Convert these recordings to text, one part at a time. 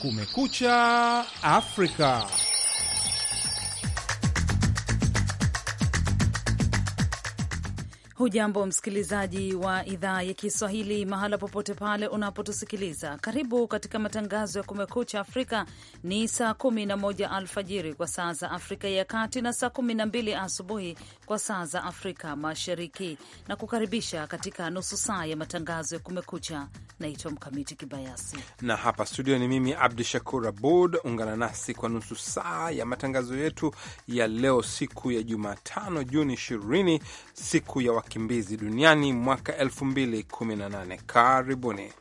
Kumekucha Afrika. Hujambo msikilizaji wa idhaa ya Kiswahili mahala popote pale unapotusikiliza, karibu katika matangazo ya Kumekucha Afrika. Ni saa 11 alfajiri kwa saa za Afrika ya Kati na saa mbili asubuhi kwa saa za Afrika Mashariki, na kukaribisha katika nusu saa ya matangazo ya Kumekucha. Naitwa Mkamiti Kibayasi na hapa studio ni mimi Abdu Shakur Abud. Ungana nasi kwa nusu saa ya matangazo yetu ya leo, siku ya Jumatano Juni 20 siku ya wakimbizi duniani mwaka 2018. Karibuni.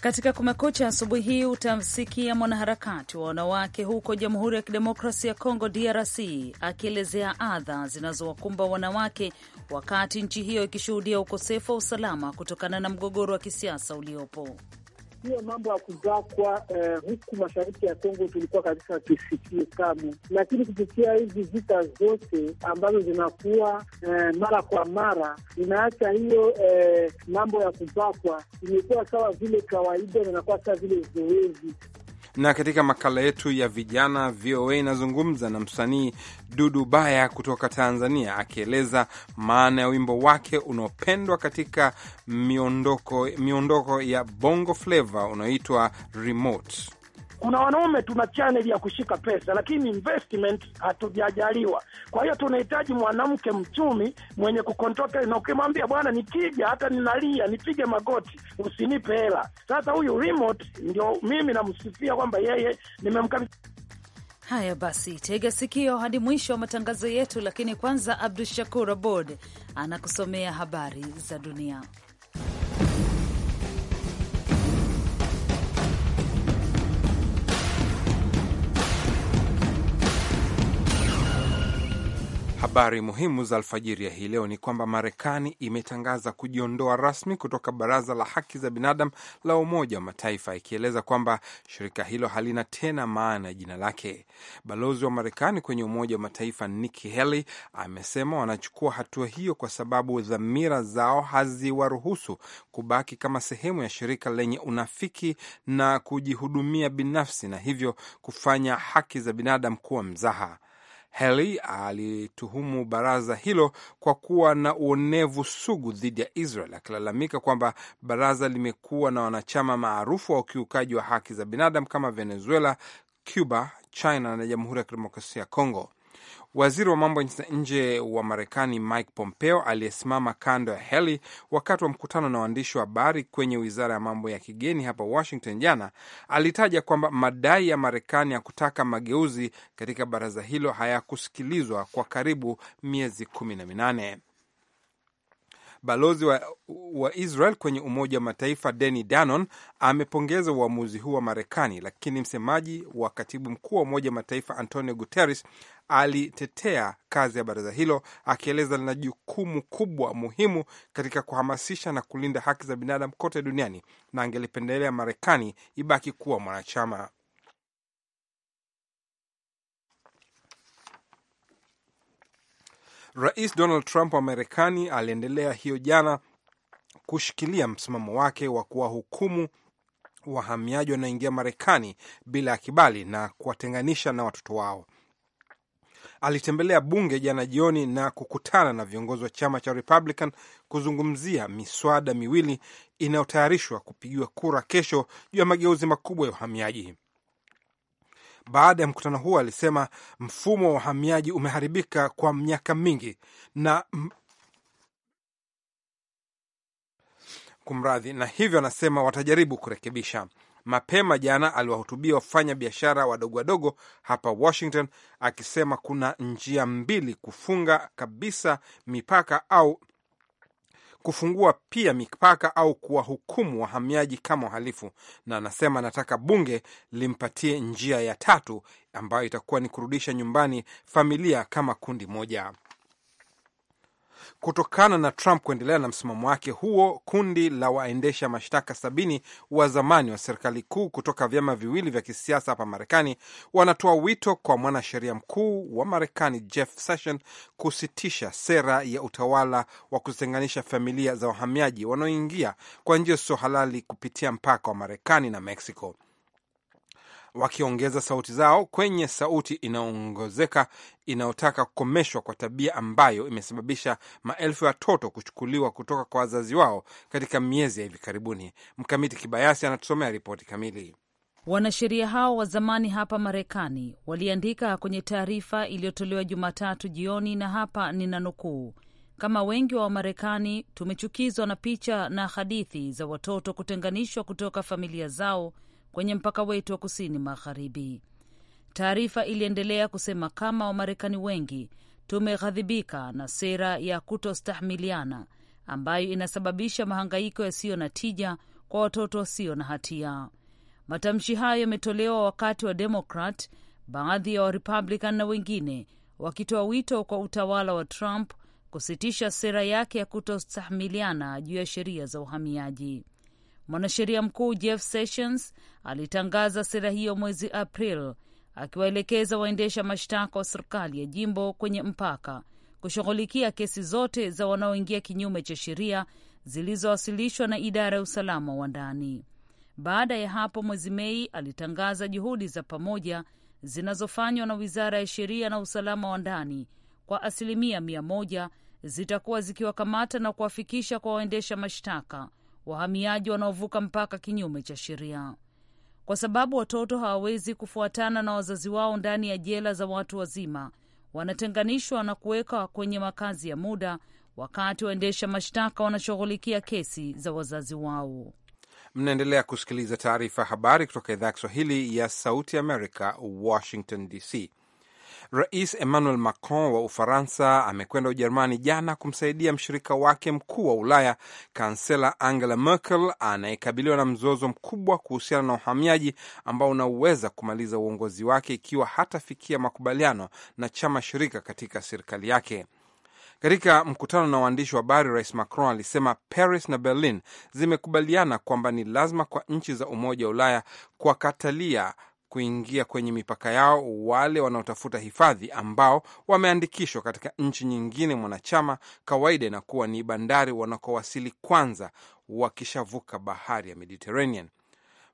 Katika Kumekucha asubuhi hii utamsikia mwanaharakati wa wanawake huko Jamhuri ya Kidemokrasia ya Kongo, DRC, akielezea adha zinazowakumba wanawake wakati nchi hiyo ikishuhudia ukosefu wa usalama kutokana na mgogoro wa kisiasa uliopo hiyo mambo ya kubakwa eh, huku mashariki ya Kongo tulikuwa katika tusikie kamu, lakini kupitia hizi vita zote ambazo zinakuwa eh, mara kwa mara inaacha hiyo eh, mambo ya kubakwa imekuwa sawa vile kawaida na inakuwa sawa vile zoezi. Na katika makala yetu ya vijana, VOA inazungumza na msanii Dudu Baya kutoka Tanzania, akieleza maana ya wimbo wake unaopendwa katika miondoko, miondoko ya bongo flava unaoitwa Remote. Kuna wanaume tuna chaneli ya kushika pesa, lakini investment hatujajaliwa. Kwa hiyo tunahitaji mwanamke mchumi mwenye kukontroka, na ukimwambia bwana, nikija hata ninalia nipige magoti, usinipe hela. Sasa huyu remote ndio mimi namsifia kwamba yeye nimemkabidhi. Haya basi, tega sikio hadi mwisho wa matangazo yetu, lakini kwanza Abdu Shakur Abod anakusomea habari za dunia. Habari muhimu za alfajiri ya hii leo ni kwamba Marekani imetangaza kujiondoa rasmi kutoka Baraza la Haki za Binadamu la Umoja wa Mataifa, ikieleza kwamba shirika hilo halina tena maana ya jina lake. Balozi wa Marekani kwenye Umoja wa Mataifa Nikki Haley amesema wanachukua hatua hiyo kwa sababu dhamira zao haziwaruhusu kubaki kama sehemu ya shirika lenye unafiki na kujihudumia binafsi, na hivyo kufanya haki za binadamu kuwa mzaha. Haley alituhumu baraza hilo kwa kuwa na uonevu sugu dhidi ya Israel, akilalamika kwamba baraza limekuwa na wanachama maarufu wa ukiukaji wa haki za binadamu kama Venezuela, Cuba, China na Jamhuri ya Kidemokrasia ya Kongo. Waziri wa mambo ya nje wa Marekani Mike Pompeo aliyesimama kando ya Haley wakati wa mkutano na waandishi wa habari kwenye wizara ya mambo ya kigeni hapa Washington jana alitaja kwamba madai ya Marekani ya kutaka mageuzi katika baraza hilo hayakusikilizwa kwa karibu miezi kumi na minane. Balozi wa, wa Israel kwenye Umoja wa Mataifa Deni Danon amepongeza uamuzi huu wa Marekani, lakini msemaji wa katibu mkuu wa Umoja wa Mataifa Antonio Guterres alitetea kazi ya baraza hilo akieleza lina jukumu kubwa muhimu katika kuhamasisha na kulinda haki za binadamu kote duniani na angelipendelea Marekani ibaki kuwa mwanachama. Rais Donald Trump wa Marekani aliendelea hiyo jana kushikilia msimamo wake wa kuwahukumu wahamiaji wanaoingia Marekani bila ya kibali na kuwatenganisha na watoto wao alitembelea bunge jana jioni na kukutana na viongozi wa chama cha Republican kuzungumzia miswada miwili inayotayarishwa kupigiwa kura kesho juu ya mageuzi makubwa ya uhamiaji. Baada ya mkutano huo, alisema mfumo wa uhamiaji umeharibika kwa miaka mingi na kumradhi, na hivyo anasema watajaribu kurekebisha mapema jana aliwahutubia wafanya biashara wadogo wadogo hapa Washington, akisema kuna njia mbili: kufunga kabisa mipaka au kufungua pia mipaka au kuwahukumu wahamiaji kama wahalifu, na anasema anataka bunge limpatie njia ya tatu ambayo itakuwa ni kurudisha nyumbani familia kama kundi moja. Kutokana na Trump kuendelea na msimamo wake huo, kundi la waendesha mashtaka sabini wa zamani wa serikali kuu kutoka vyama viwili vya kisiasa hapa Marekani wanatoa wito kwa mwanasheria mkuu wa Marekani Jeff Sessions kusitisha sera ya utawala wa kutenganisha familia za wahamiaji wanaoingia kwa njia sio halali kupitia mpaka wa Marekani na Mexico wakiongeza sauti zao kwenye sauti inayoongezeka inayotaka kukomeshwa kwa tabia ambayo imesababisha maelfu ya watoto kuchukuliwa kutoka kwa wazazi wao katika miezi ya hivi karibuni. Mkamiti Kibayasi anatusomea ripoti kamili. Wanasheria hao wa zamani hapa Marekani waliandika kwenye taarifa iliyotolewa Jumatatu jioni, na hapa nina nukuu: kama wengi wa Wamarekani tumechukizwa na picha na hadithi za watoto kutenganishwa kutoka familia zao kwenye mpaka wetu wa kusini magharibi. Taarifa iliendelea kusema kama Wamarekani wengi tumeghadhibika na sera ya kutostahimiliana ambayo inasababisha mahangaiko yasiyo na tija kwa watoto wasio na hatia. Matamshi hayo yametolewa wakati wa Demokrat, baadhi ya Warepublican na wengine wakitoa wito kwa utawala wa Trump kusitisha sera yake ya kutostahimiliana juu ya sheria za uhamiaji. Mwanasheria mkuu Jeff Sessions alitangaza sera hiyo mwezi April, akiwaelekeza waendesha mashtaka wa serikali ya jimbo kwenye mpaka kushughulikia kesi zote za wanaoingia kinyume cha sheria zilizowasilishwa na idara ya usalama wa ndani. Baada ya hapo, mwezi Mei alitangaza juhudi za pamoja zinazofanywa na wizara ya sheria na usalama wa ndani kwa asilimia mia moja zitakuwa zikiwakamata na kuwafikisha kwa waendesha mashtaka wahamiaji wanaovuka mpaka kinyume cha sheria. Kwa sababu watoto hawawezi kufuatana na wazazi wao ndani ya jela za watu wazima, wanatenganishwa na kuwekwa kwenye makazi ya muda, wakati waendesha mashtaka wanashughulikia kesi za wazazi wao. Mnaendelea kusikiliza taarifa ya habari kutoka idhaa ya Kiswahili ya Sauti Amerika, Washington DC. Rais Emmanuel Macron wa Ufaransa amekwenda Ujerumani jana kumsaidia mshirika wake mkuu wa Ulaya, kansela Angela Merkel anayekabiliwa na mzozo mkubwa kuhusiana na uhamiaji ambao unaweza kumaliza uongozi wake ikiwa hatafikia makubaliano na chama shirika katika serikali yake. Katika mkutano na waandishi wa habari, Rais Macron alisema Paris na Berlin zimekubaliana kwamba ni lazima kwa nchi za Umoja wa Ulaya kuwakatalia kuingia kwenye mipaka yao wale wanaotafuta hifadhi ambao wameandikishwa katika nchi nyingine mwanachama. Kawaida inakuwa ni bandari wanakowasili kwanza wakishavuka bahari ya Mediterranean.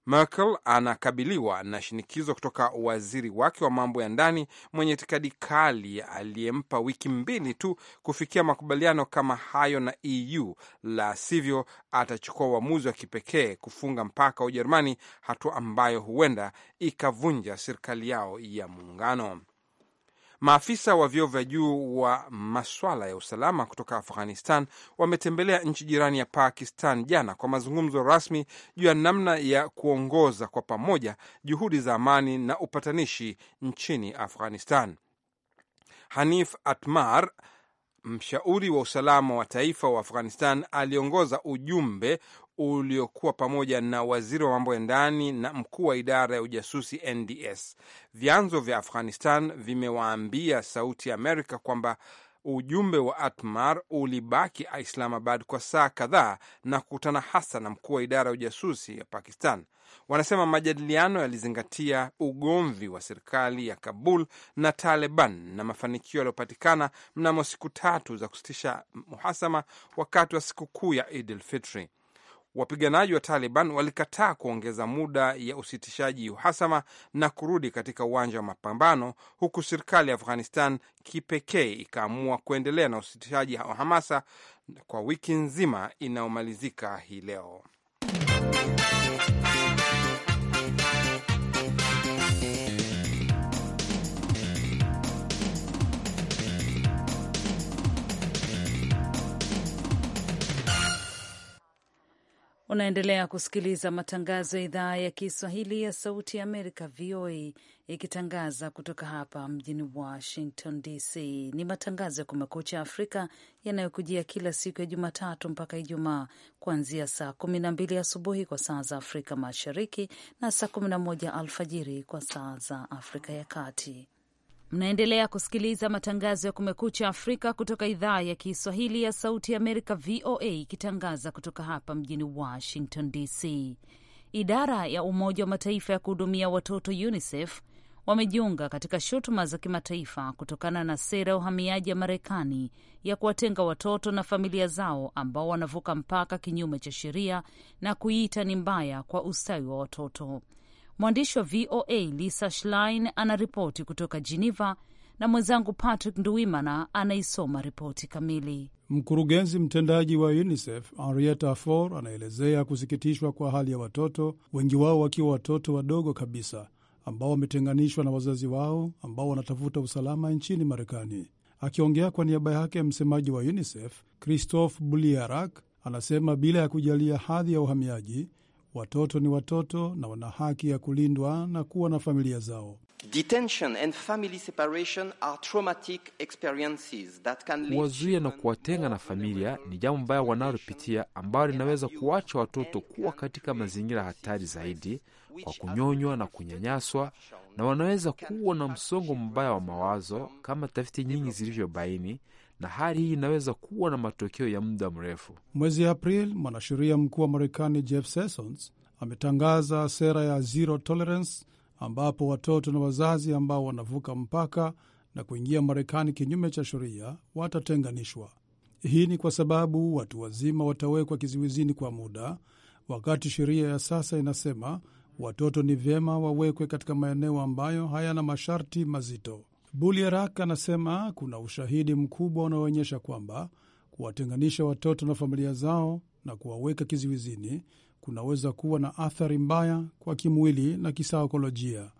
Merkel anakabiliwa na shinikizo kutoka waziri wake wa mambo ya ndani mwenye itikadi kali aliyempa wiki mbili tu kufikia makubaliano kama hayo na EU, la sivyo atachukua uamuzi wa kipekee kufunga mpaka wa Ujerumani, hatua ambayo huenda ikavunja serikali yao ya muungano. Maafisa wa vyeo vya juu wa maswala ya usalama kutoka Afghanistan wametembelea nchi jirani ya Pakistan jana kwa mazungumzo rasmi juu ya namna ya kuongoza kwa pamoja juhudi za amani na upatanishi nchini Afghanistan. Hanif Atmar mshauri wa usalama wa taifa wa Afghanistan aliongoza ujumbe uliokuwa pamoja na waziri wa mambo ya ndani na mkuu wa idara ya ujasusi NDS. Vyanzo vya Afghanistan vimewaambia Sauti ya Amerika kwamba ujumbe wa Atmar ulibaki Islamabad kwa saa kadhaa na kukutana hasa na mkuu wa idara ya ujasusi ya Pakistan. Wanasema majadiliano yalizingatia ugomvi wa serikali ya Kabul na Taliban na mafanikio yaliyopatikana mnamo siku tatu za kusitisha muhasama wakati wa sikukuu ya Idil Fitri. Wapiganaji wa Taliban walikataa kuongeza muda ya usitishaji uhasama na kurudi katika uwanja wa mapambano, huku serikali ya Afghanistan kipekee ikaamua kuendelea na usitishaji wa hamasa kwa wiki nzima inayomalizika hii leo. Unaendelea kusikiliza matangazo ya idhaa ya Kiswahili ya Sauti ya Amerika, VOA, ikitangaza kutoka hapa mjini Washington DC. Ni matangazo ya Kumekucha Afrika yanayokujia kila siku ya Jumatatu mpaka Ijumaa, kuanzia saa mbili asubuhi kwa saa za Afrika Mashariki na saa moja alfajiri kwa saa za Afrika ya Kati. Mnaendelea kusikiliza matangazo ya Kumekucha Afrika kutoka idhaa ya Kiswahili ya Sauti ya Amerika, VOA, ikitangaza kutoka hapa mjini Washington DC. Idara ya Umoja wa Mataifa ya kuhudumia watoto UNICEF wamejiunga katika shutuma za kimataifa kutokana na sera ya uhamiaji ya Marekani ya kuwatenga watoto na familia zao ambao wanavuka mpaka kinyume cha sheria na kuiita ni mbaya kwa ustawi wa watoto. Mwandishi wa VOA Lisa Schlein anaripoti kutoka Geneva na mwenzangu Patrick Nduwimana anaisoma ripoti kamili. Mkurugenzi mtendaji wa UNICEF Henrietta Fore anaelezea kusikitishwa kwa hali ya watoto, wengi wao wakiwa watoto wadogo kabisa ambao wametenganishwa na wazazi wao ambao wanatafuta usalama nchini Marekani. Akiongea kwa niaba yake, msemaji wa UNICEF Christophe Buliarak anasema bila ya kujalia hadhi ya uhamiaji, Watoto ni watoto na wana haki ya kulindwa na kuwa na familia zao. Kuwazuia na kuwatenga na familia ni jambo mbaya wanalopitia, ambayo linaweza kuwacha watoto kuwa katika mazingira hatari zaidi kwa kunyonywa na kunyanyaswa, na wanaweza kuwa na msongo mbaya wa mawazo kama tafiti nyingi zilivyobaini na hali hii inaweza kuwa na matokeo ya muda mrefu. Mwezi Aprili, mwanasheria mkuu wa Marekani Jeff Sessions ametangaza sera ya zero tolerance, ambapo watoto na wazazi ambao wanavuka mpaka na kuingia Marekani kinyume cha sheria watatenganishwa. Hii ni kwa sababu watu wazima watawekwa kizuizini kwa muda, wakati sheria ya sasa inasema watoto ni vyema wawekwe katika maeneo ambayo hayana masharti mazito. Bulierak anasema kuna ushahidi mkubwa unaoonyesha kwamba kuwatenganisha watoto na familia zao na kuwaweka kizuizini kunaweza kuwa na athari mbaya kwa kimwili na kisaikolojia.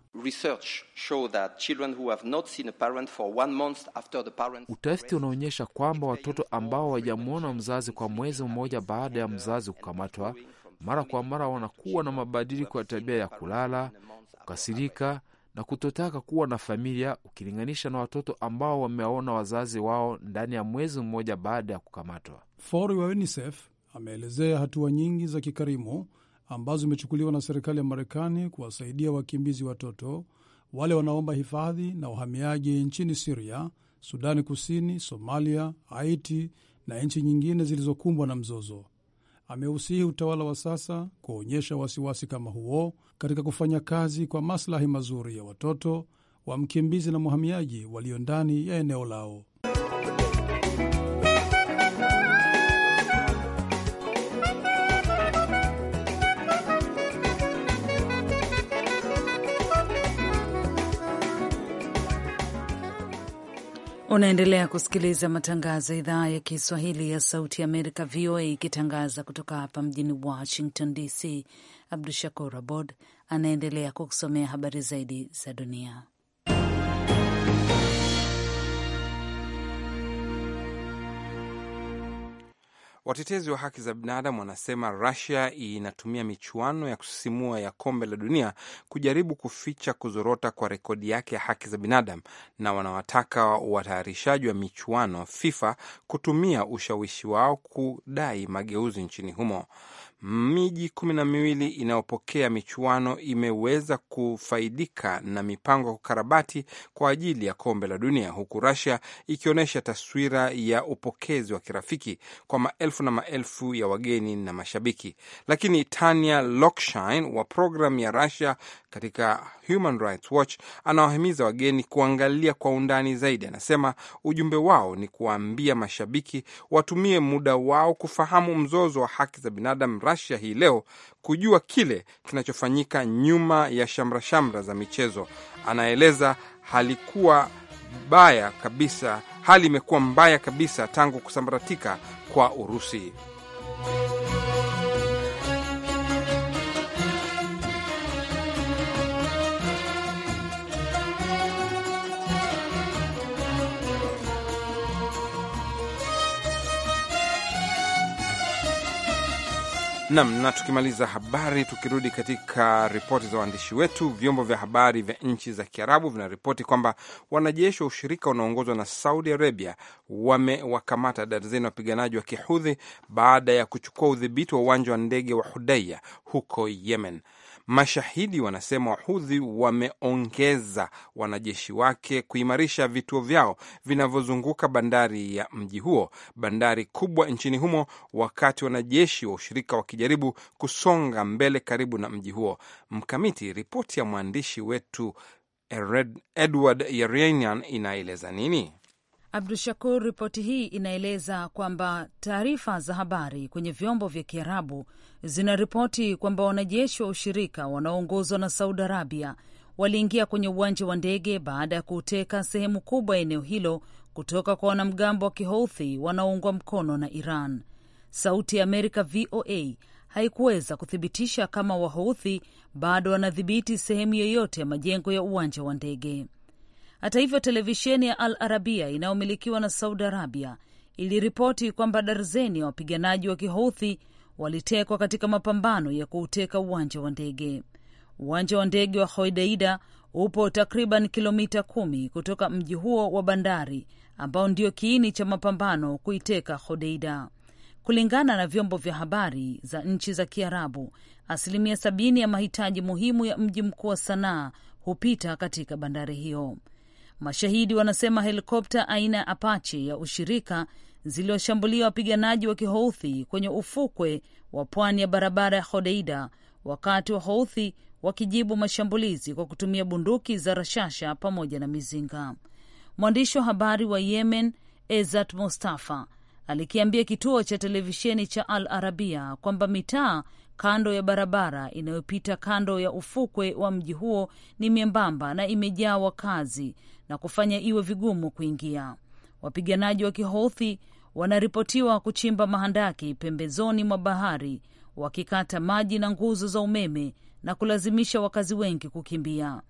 Utafiti unaonyesha kwamba watoto ambao hawajamwona mzazi kwa mwezi mmoja baada ya mzazi kukamatwa, mara kwa mara wanakuwa na mabadiliko ya tabia ya kulala, kukasirika na kutotaka kuwa na familia ukilinganisha na watoto ambao wamewaona wazazi wao ndani ya mwezi mmoja baada ya kukamatwa. Fori wa UNICEF ameelezea hatua nyingi za kikarimu ambazo zimechukuliwa na serikali ya Marekani kuwasaidia wakimbizi watoto wale wanaomba hifadhi na uhamiaji nchini Siria, Sudani Kusini, Somalia, Haiti na nchi nyingine zilizokumbwa na mzozo ameusihi utawala wa sasa kuonyesha wasiwasi kama huo katika kufanya kazi kwa maslahi mazuri ya watoto wa mkimbizi na mhamiaji walio ndani ya eneo lao. Unaendelea kusikiliza matangazo ya idhaa ya Kiswahili ya Sauti ya Amerika, VOA, ikitangaza kutoka hapa mjini Washington DC. Abdu Shakur Abod anaendelea kukusomea habari zaidi za dunia. Watetezi wa haki za binadamu wanasema rasia inatumia michuano ya kusisimua ya kombe la dunia kujaribu kuficha kuzorota kwa rekodi yake ya haki za binadamu, na wanawataka watayarishaji wa michuano FIFA kutumia ushawishi wao kudai mageuzi nchini humo miji kumi na miwili inayopokea michuano imeweza kufaidika na mipango ya kukarabati kwa ajili ya kombe la dunia, huku rasia ikionyesha taswira ya upokezi wa kirafiki kwa maelfu na maelfu ya wageni na mashabiki. Lakini tania Lokshin wa programu ya rasia katika Human Rights Watch anawahimiza wageni kuangalia kwa undani zaidi. Anasema ujumbe wao ni kuwaambia mashabiki watumie muda wao kufahamu mzozo wa haki za binadamu Russia hii leo, kujua kile kinachofanyika nyuma ya shamrashamra za michezo. Anaeleza halikuwa baya kabisa, hali imekuwa mbaya kabisa tangu kusambaratika kwa Urusi. Nam na tukimaliza habari, tukirudi katika ripoti za waandishi wetu, vyombo vya habari vya nchi za Kiarabu vinaripoti kwamba wanajeshi wa ushirika unaoongozwa na Saudi Arabia wamewakamata darzeni wapiganaji wa Kihudhi baada ya kuchukua udhibiti wa uwanja wa ndege wa hudaya huko Yemen. Mashahidi wanasema Wahudhi wameongeza wanajeshi wake kuimarisha vituo vyao vinavyozunguka bandari ya mji huo, bandari kubwa nchini humo, wakati wanajeshi wa ushirika wakijaribu kusonga mbele karibu na mji huo. Mkamiti, ripoti ya mwandishi wetu Edward Yeranian inaeleza nini? Abdu Shakur, ripoti hii inaeleza kwamba taarifa za habari kwenye vyombo vya Kiarabu zinaripoti kwamba wanajeshi wa ushirika wanaoongozwa na Saudi Arabia waliingia kwenye uwanja wa ndege baada ya kuteka sehemu kubwa ya eneo hilo kutoka kwa wanamgambo wa Kihouthi wanaoungwa mkono na Iran. Sauti ya Amerika VOA haikuweza kuthibitisha kama Wahouthi bado wanadhibiti sehemu yoyote ya majengo ya uwanja wa ndege. Hata hivyo, televisheni ya Al Arabia inayomilikiwa na Saudi Arabia iliripoti kwamba darzeni ya wapiganaji wa Kihouthi walitekwa katika mapambano ya kuuteka uwanja wa ndege. Uwanja wa ndege wa Hodeida upo takriban kilomita kumi kutoka mji huo wa bandari ambao ndio kiini cha mapambano kuiteka Hodeida. Kulingana na vyombo vya habari za nchi za Kiarabu, asilimia sabini ya mahitaji muhimu ya mji mkuu wa Sanaa hupita katika bandari hiyo. Mashahidi wanasema helikopta aina ya Apache ya ushirika ziliwashambulia wapiganaji wa Kihouthi kwenye ufukwe wa pwani ya barabara ya Hodeida wakati wa Houthi wakijibu mashambulizi kwa kutumia bunduki za rashasha pamoja na mizinga. Mwandishi wa habari wa Yemen Ezat Mustafa alikiambia kituo cha televisheni cha Al Arabia kwamba mitaa kando ya barabara inayopita kando ya ufukwe wa mji huo ni miembamba na imejaa wakazi na kufanya iwe vigumu kuingia. Wapiganaji wa Kihouthi wanaripotiwa kuchimba mahandaki pembezoni mwa bahari, wakikata maji na nguzo za umeme na kulazimisha wakazi wengi kukimbia.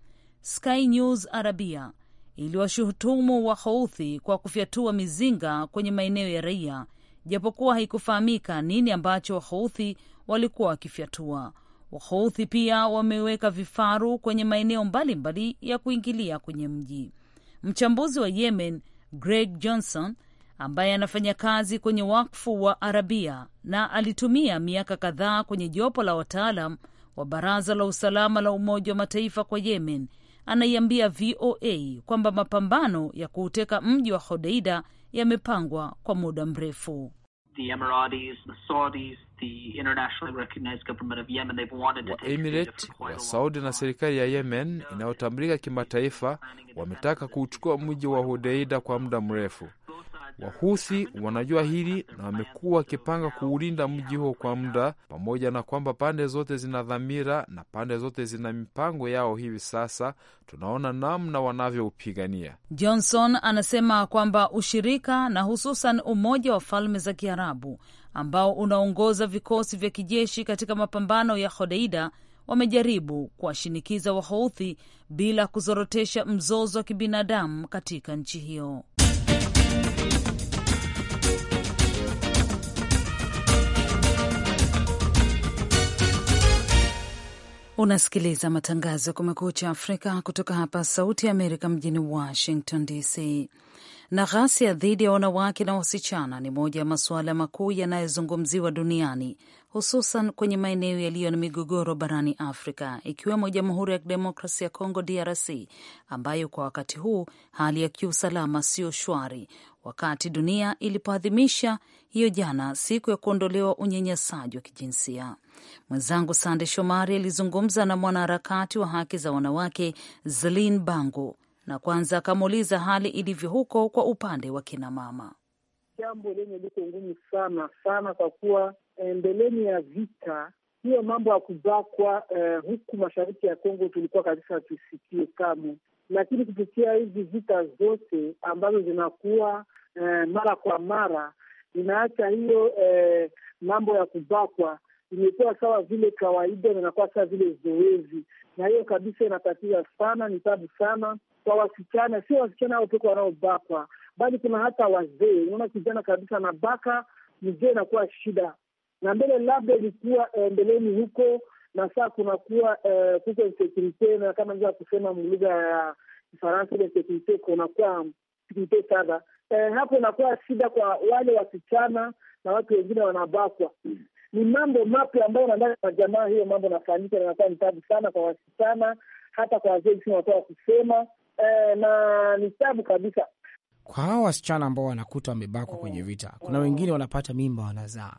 Sky News Arabia iliwashutumu Wahouthi kwa kufyatua mizinga kwenye maeneo ya raia, japokuwa haikufahamika nini ambacho Wahouthi walikuwa wakifyatua. Wahouthi pia wameweka vifaru kwenye maeneo mbalimbali ya kuingilia kwenye mji. Mchambuzi wa Yemen Greg Johnson ambaye anafanya kazi kwenye wakfu wa Arabia na alitumia miaka kadhaa kwenye jopo la wataalam wa Baraza la Usalama la Umoja wa Mataifa kwa Yemen anaiambia VOA kwamba mapambano ya kuuteka mji wa Hodeida yamepangwa kwa muda mrefu the Emiratis, the Saudis, the internationally recognized government of Yemen, they've wanted to take Emirate wa Saudi na serikali ya Yemen inayotambulika kimataifa wametaka kuuchukua mji wa Hudeida kwa muda mrefu. Wahusi wanajua hili na wamekuwa wakipanga kuulinda mji huo kwa muda, pamoja na kwamba pande zote zina dhamira na pande zote zina mipango yao. Hivi sasa tunaona namna wanavyoupigania. Johnson anasema kwamba ushirika na hususan Umoja wa Falme za Kiarabu ambao unaongoza vikosi vya kijeshi katika mapambano ya Hodeida wamejaribu kuwashinikiza Wahouthi bila kuzorotesha mzozo wa kibinadamu katika nchi hiyo. Unasikiliza matangazo ya Kumekucha Afrika kutoka hapa Sauti ya Amerika mjini Washington DC. Na ghasia dhidi ya wanawake na wasichana ni moja ya masuala makuu yanayozungumziwa duniani, hususan kwenye maeneo yaliyo na migogoro barani Afrika, ikiwemo Jamhuri ya Kidemokrasi ya Kongo, DRC, ambayo kwa wakati huu hali ya kiusalama sio shwari, wakati dunia ilipoadhimisha hiyo jana siku ya kuondolewa unyanyasaji wa kijinsia. Mwenzangu Sande Shomari alizungumza na mwanaharakati wa haki za wanawake Zelin Bango na kwanza akamuuliza hali ilivyo huko kwa upande wa kinamama. Jambo lenye liko ngumu sana sana, kwa kuwa eh, mbeleni ya vita hiyo mambo ya kubakwa eh, huku mashariki ya Kongo tulikuwa kabisa tusikie kamwe, lakini kupitia hizi vita zote ambazo zinakuwa eh, mara kwa mara, inaacha hiyo eh, mambo ya kubakwa imekuwa sawa vile kawaida na inakuwa sawa vile zoezi, na hiyo kabisa inatatiza sana, ni tabu sana kwa wasichana. Sio wasichana hao pekee wanaobakwa, bali kuna hata wazee. Unaona kijana kabisa anabaka mzee, inakuwa shida, na mbele labda ilikuwa eh, mbeleni huko, na saa kunakuwa eh, kuko insekurite, na kama njia ya kusema mlugha ya Kifaransa ile insekurite kunakuwa sikilite sana eh, hapo inakuwa shida kwa wale wasichana na watu wengine wanabakwa. Ni mambo mapya ambayo nadhani kwa jamaa hiyo mambo nafanyika, nanakuwa ni tabu sana kwa wasichana, hata kwa wazee wa kusema eh, na ni tabu kabisa kwa hawa wasichana ambao wanakuta wamebakwa kwenye vita. Kuna wengine wanapata mimba wanazaa.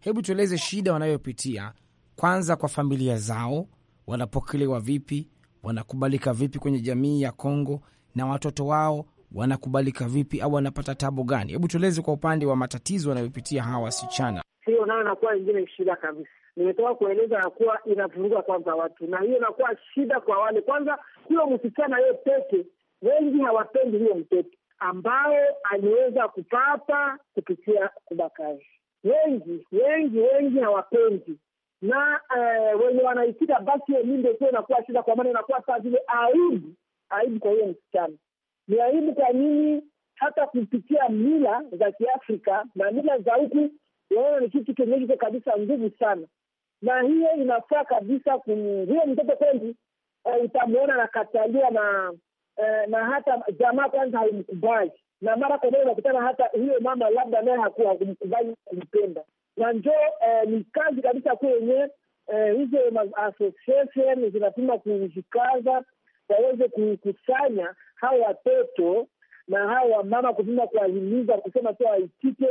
Hebu tueleze shida wanayopitia kwanza, kwa familia zao, wanapokelewa vipi, wanakubalika vipi kwenye jamii ya Kongo, na watoto wao wanakubalika vipi au wanapata tabu gani? Hebu tueleze kwa upande wa matatizo wanayopitia hawa wasichana. Hiyo nayo inakuwa ingine shida kabisa. Nimetoka kueleza ya kuwa inavuruga kwanza watu, na hiyo inakuwa shida kwa wale kwanza, huyo msichana yeye peke, wengi hawapendi huyo mtoto ambaye aliweza kupata kupitia ubakaji. Wengi wengi wengi hawapendi na eh, wenye wanaitika basi, mimbe sio inakuwa shida, kwa maana inakuwa saa vile aibu aibu kwa huyo msichana ni aibu kwa nini hata kupitia mila za Kiafrika na mila za huku unaona ni kitu kenye kiko kabisa nguvu sana, na hiyo inafaa kabisa kum hiyo mtoto kweli eh, utamwona anakataliwa na eh, na hata jamaa kwanza haimkubali, na mara kwa mara unakutana hata huyo mama labda naye hakuwa hakumkubali kumpenda, na njoo eh, ni kazi kabisa kuu yenyewe hizo association zinapima kujikaza waweze kukusanya hawa watoto na hawa wamama, kuzima kuwahimiza kusema pia waitike,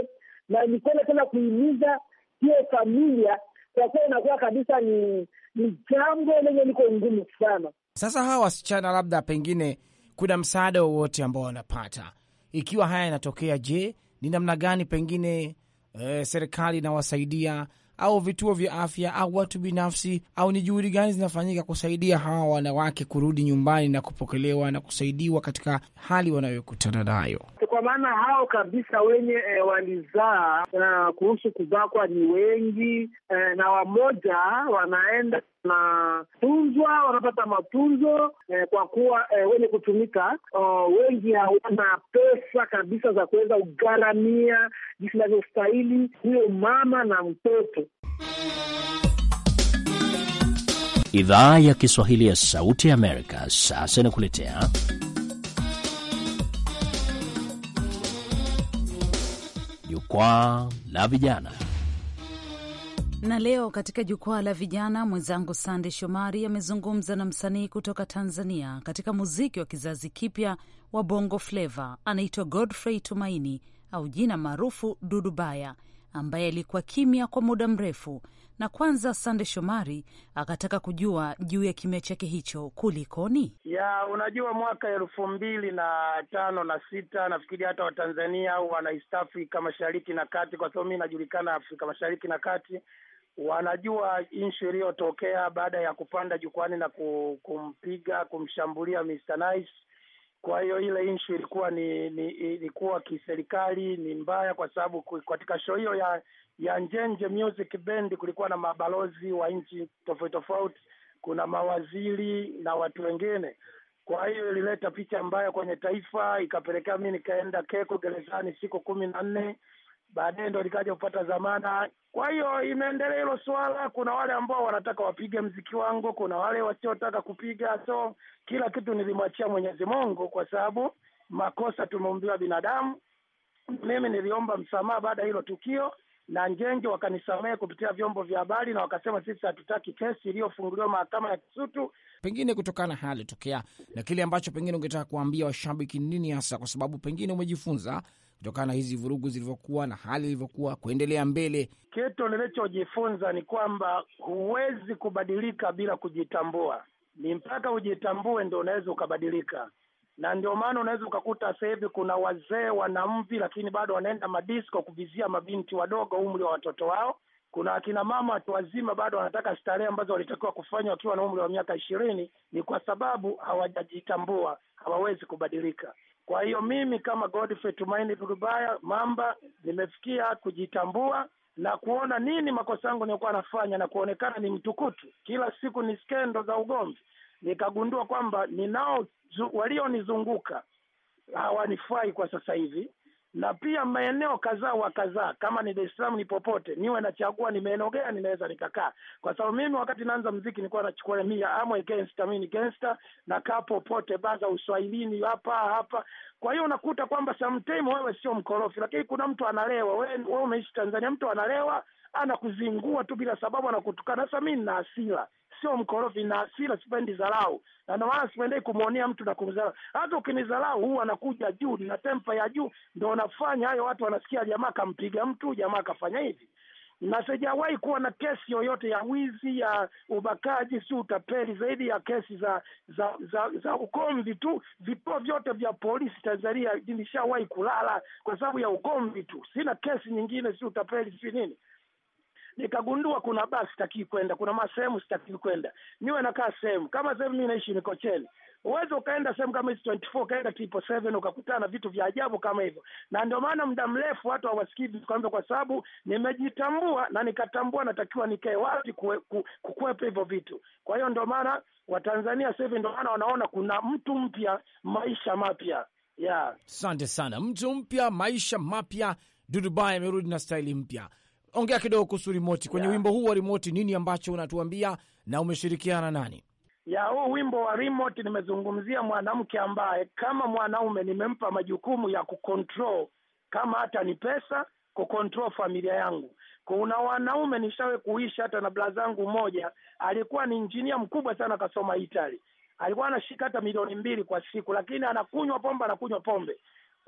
na ni kwenda tena kuhimiza hiyo familia. Kwa kuwa inakuwa kabisa ni ni jambo lenye liko ngumu sana. Sasa hawa wasichana, labda pengine kuna msaada wowote ambao wanapata ikiwa haya yanatokea? Je, ni namna gani pengine eh, serikali inawasaidia au vituo vya afya au watu binafsi, au ni juhudi gani zinafanyika kusaidia hawa wanawake kurudi nyumbani na kupokelewa na kusaidiwa katika hali wanayokutana nayo? Kwa maana hao kabisa wenye e, walizaa e, kuhusu kubakwa ni wengi e, na wamoja wanaenda natunzwa wanapata matunzo eh, kwa kuwa eh, wenye kutumika oh, wengi hawana pesa kabisa za kuweza kugharamia jinsi inavyostahili huyo mama na mtoto. Idhaa ya Kiswahili ya Sauti ya Amerika sasa inakuletea jukwaa la vijana. Na leo katika jukwaa la vijana, mwenzangu Sande Shomari amezungumza na msanii kutoka Tanzania katika muziki wa kizazi kipya wa Bongo Flava, anaitwa Godfrey Tumaini au jina maarufu Dudubaya, ambaye alikuwa kimya kwa muda mrefu. Na kwanza Sande Shomari akataka kujua juu ya kimya chake hicho kulikoni. Ya, unajua mwaka elfu mbili na tano na sita nafikiri hata Watanzania au wana East mashariki na kati, kwa sababu mi najulikana Afrika mashariki na kati wanajua nchi iliyotokea baada ya kupanda jukwani na kumpiga kumshambulia Mr. Nice. Kwa hiyo ile nchi ilikuwa ni, ni ilikuwa kiserikali ni mbaya, kwa sababu katika show hiyo ya ya Njenje Music Band kulikuwa na mabalozi wa nchi tofauti tofauti, kuna mawaziri na watu wengine. Kwa hiyo ilileta picha mbaya kwenye taifa, ikapelekea mi nikaenda Keko gerezani siku kumi na nne baadaye ndo likaja kupata dhamana. Kwa hiyo imeendelea hilo swala. Kuna wale ambao wanataka wapige mziki wangu, kuna wale wasiotaka kupiga. So kila kitu nilimwachia Mwenyezi Mungu, kwa sababu makosa tumeumbiwa binadamu. Mimi niliomba msamaha baada ya hilo tukio, na Njenge wakanisamehe kupitia vyombo vya habari, na wakasema sisi hatutaki kesi iliyofunguliwa mahakama ya Kisutu. Pengine kutokana na hali tokea na kile ambacho pengine ungetaka kuambia washabiki nini hasa, kwa sababu pengine umejifunza kutokana na hizi vurugu zilivyokuwa na hali ilivyokuwa kuendelea mbele. Kitu ninachojifunza ni kwamba huwezi kubadilika bila kujitambua, ni mpaka ujitambue ndo unaweza ukabadilika, na ndio maana unaweza ukakuta sasa hivi kuna wazee wana mvi, lakini bado wanaenda madisko kuvizia mabinti wadogo umri wa watoto wao. Kuna akina mama watu wazima bado wanataka starehe ambazo walitakiwa kufanya wakiwa na umri wa miaka ishirini. Ni kwa sababu hawajajitambua, hawawezi kubadilika. Kwa hiyo mimi kama Godfrey Tumaini turubaya Mamba nimefikia kujitambua na kuona nini makosa yangu niokuwa nafanya na kuonekana ni mtukutu, kila siku ni skendo za ugomvi. Nikagundua kwamba ninao walionizunguka hawanifai kwa sasa hivi, na pia maeneo kadhaa wa kadhaa, kama ni Dar es Salaam ni popote, niwe nachagua ni maeneo gani ninaweza nikakaa, kwa sababu mimi wakati naanza mziki nilikuwa nachukua mia ama gangster, mimi ni na kaa popote baza uswahilini hapa hapa. Kwa hiyo unakuta kwamba sometimes wewe sio mkorofi, lakini kuna mtu analewa. Wewe umeishi Tanzania, mtu analewa anakuzingua tu bila sababu, anakutukana. Sasa mimi na hasira sio mkorofi na hasira, sipendi dharau, na ndio maana sipendei kumwonea mtu na kumdharau. Hata ukinidharau huwa anakuja juu na tempa ya juu, ndio nafanya hayo watu wanasikia, jamaa kampiga mtu, jamaa kafanya hivi na sijawahi kuwa na kesi yoyote ya wizi ya ubakaji, si utapeli, zaidi ya kesi za za za, za ugomvi tu. Vituo vyote vya polisi Tanzania vilishawahi kulala kwa sababu ya ugomvi tu, sina kesi nyingine, si utapeli, si nini nikagundua kuna basi sitaki kwenda, kuna masehemu sitaki kwenda, niwe nakaa sehemu kama sehemu. Mimi naishi Mikocheni, uwezo ukaenda sehemu kama hizi 24 ukaenda tipo seven ukakutana vitu vya ajabu kama hivyo, na ndio maana muda mrefu watu hawasikii vitu kwa sababu nimejitambua na nikatambua natakiwa nikae wazi kukwepa hivyo vitu. Kwa hiyo ndio maana Watanzania sasa ndio maana wanaona kuna mtu mpya, maisha mapya. Asante yeah, sana. Mtu mpya, maisha mapya. Dudubai amerudi na staili mpya ongea kidogo kuhusu Rimoti kwenye yeah, wimbo huu wa Rimoti, nini ambacho unatuambia na umeshirikiana nani? ya huu wimbo wa rimoti nimezungumzia mwanamke ambaye kama mwanaume nimempa majukumu ya kucontrol, kama hata ni pesa, kucontrol familia yangu. Kuna wanaume nishawe kuishi hata na bla zangu mmoja, alikuwa ni injinia mkubwa sana, akasoma itali alikuwa anashika hata milioni mbili kwa siku, lakini anakunywa pombe, anakunywa pombe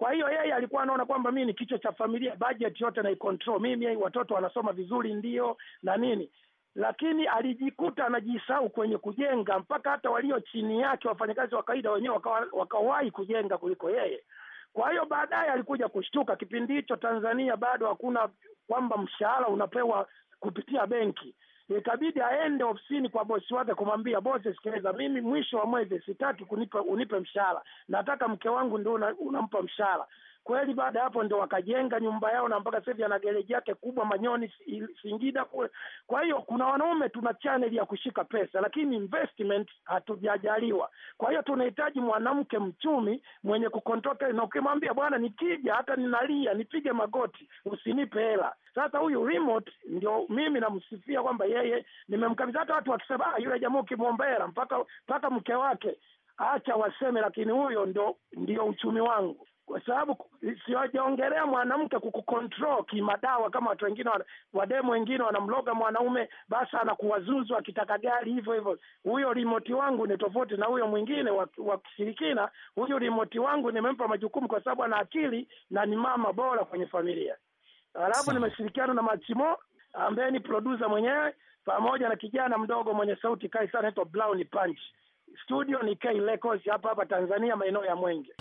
kwa hiyo yeye alikuwa anaona kwamba mimi ni kichwa cha familia, budget yote naikontrol mimi, watoto wanasoma vizuri ndio na nini, lakini alijikuta anajisahau kwenye kujenga, mpaka hata walio chini yake, wafanyakazi wa kawaida, wenyewe wakawahi kujenga kuliko yeye. Kwa hiyo baadaye alikuja kushtuka. Kipindi hicho Tanzania bado hakuna kwamba mshahara unapewa kupitia benki ikabidi aende ofisini kwa bosi wake kumwambia, bosi, sikiliza, mimi mwisho wa mwezi sitaki kunipa unipe mshahara, nataka mke wangu ndio unampa mshahara. Kweli baada ya hapo ndo wakajenga nyumba yao, na mpaka sasa ana gereji yake kubwa Manyoni, Singida kule. Kwa hiyo kuna wanaume tuna chaneli ya kushika pesa, lakini investment hatujajaliwa. Kwa hiyo tunahitaji mwanamke mchumi mwenye kukontoka na ukimwambia bwana, nikija hata ninalia nipige magoti, usinipe hela. Sasa huyu remote ndio mimi namsifia kwamba yeye nimemkabidhi. Hata watu wakisema ah, yule jamaa ukimwomba hela mpaka mpaka mke wake acha waseme, lakini huyo ndio ndio uchumi wangu kwa sababu siwajaongelea mwanamke kukukontrol kimadawa, kama watu wengine wademu wengine wanamloga mwanaume, basi anakuwazuzu akitaka gari hivyo hivyo. Huyo rimoti wangu ni tofauti na huyo mwingine wa kishirikina. Huyu rimoti wangu nimempa majukumu kwa sababu ana akili na ni mama bora kwenye familia. Alafu nimeshirikiana na Machimo ambaye ni produsa mwenyewe pamoja na kijana mdogo mwenye sauti kali sana naitwa Brown Punch. Studio ni K Records hapa hapa Tanzania, maeneo ya Mwenge.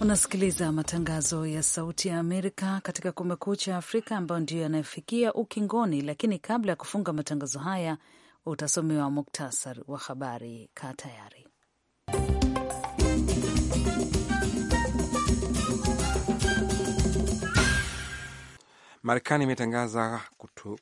Unasikiliza matangazo ya Sauti ya Amerika katika Kumekucha Afrika, ambayo ndiyo yanayofikia ukingoni. Lakini kabla ya kufunga matangazo haya, utasomewa muktasari wa habari. Kaa tayari. Marekani imetangaza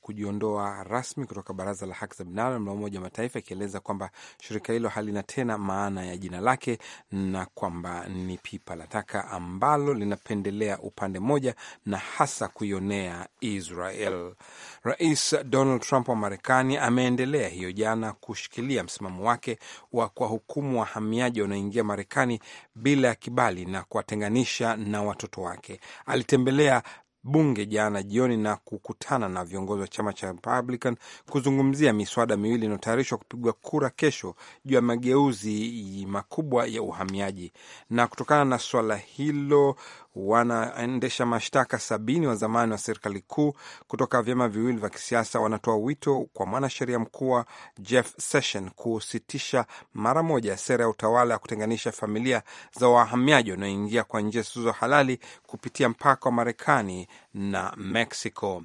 kujiondoa rasmi kutoka baraza la haki za binadamu la Umoja wa Mataifa, ikieleza kwamba shirika hilo halina tena maana ya jina lake na kwamba ni pipa la taka ambalo linapendelea upande mmoja na hasa kuionea Israel. Rais Donald Trump wa Marekani ameendelea hiyo jana kushikilia msimamo wake wa kuwahukumu wahamiaji wanaoingia Marekani bila ya kibali na kuwatenganisha na watoto wake. Alitembelea bunge jana jioni na kukutana na viongozi wa chama cha Republican kuzungumzia miswada miwili inayotayarishwa kupigwa kura kesho juu ya mageuzi makubwa ya uhamiaji. Na kutokana na swala hilo, Wanaendesha mashtaka sabini wa zamani wa serikali kuu kutoka vyama viwili vya kisiasa wanatoa wito kwa mwanasheria mkuu Jeff Sessions kusitisha mara moja sera ya utawala ya kutenganisha familia za wahamiaji wanaoingia kwa njia zisizo halali kupitia mpaka wa Marekani na Mexico.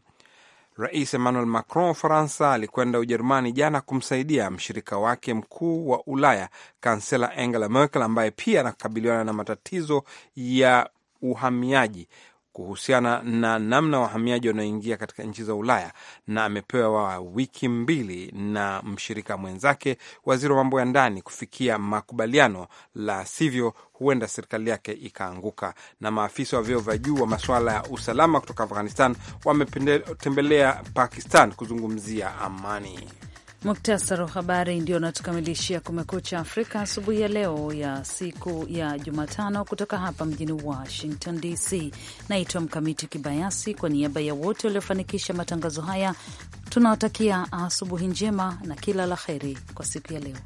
Rais Emmanuel Macron wa Ufaransa alikwenda Ujerumani jana kumsaidia mshirika wake mkuu wa Ulaya, kansela Angela Merkel ambaye pia anakabiliana na matatizo ya uhamiaji kuhusiana na namna wahamiaji wanaoingia katika nchi za Ulaya, na amepewa wiki mbili na mshirika mwenzake, waziri wa mambo ya ndani, kufikia makubaliano, la sivyo huenda serikali yake ikaanguka. Na maafisa wa vyeo vya juu wa masuala ya usalama kutoka Afghanistan wametembelea Pakistan kuzungumzia amani. Muktasari wa habari ndio unatukamilishia Kumekucha Afrika asubuhi ya leo ya siku ya Jumatano, kutoka hapa mjini Washington DC. Naitwa Mkamiti Kibayasi. Kwa niaba ya wote waliofanikisha matangazo haya, tunawatakia asubuhi njema na kila la heri kwa siku ya leo.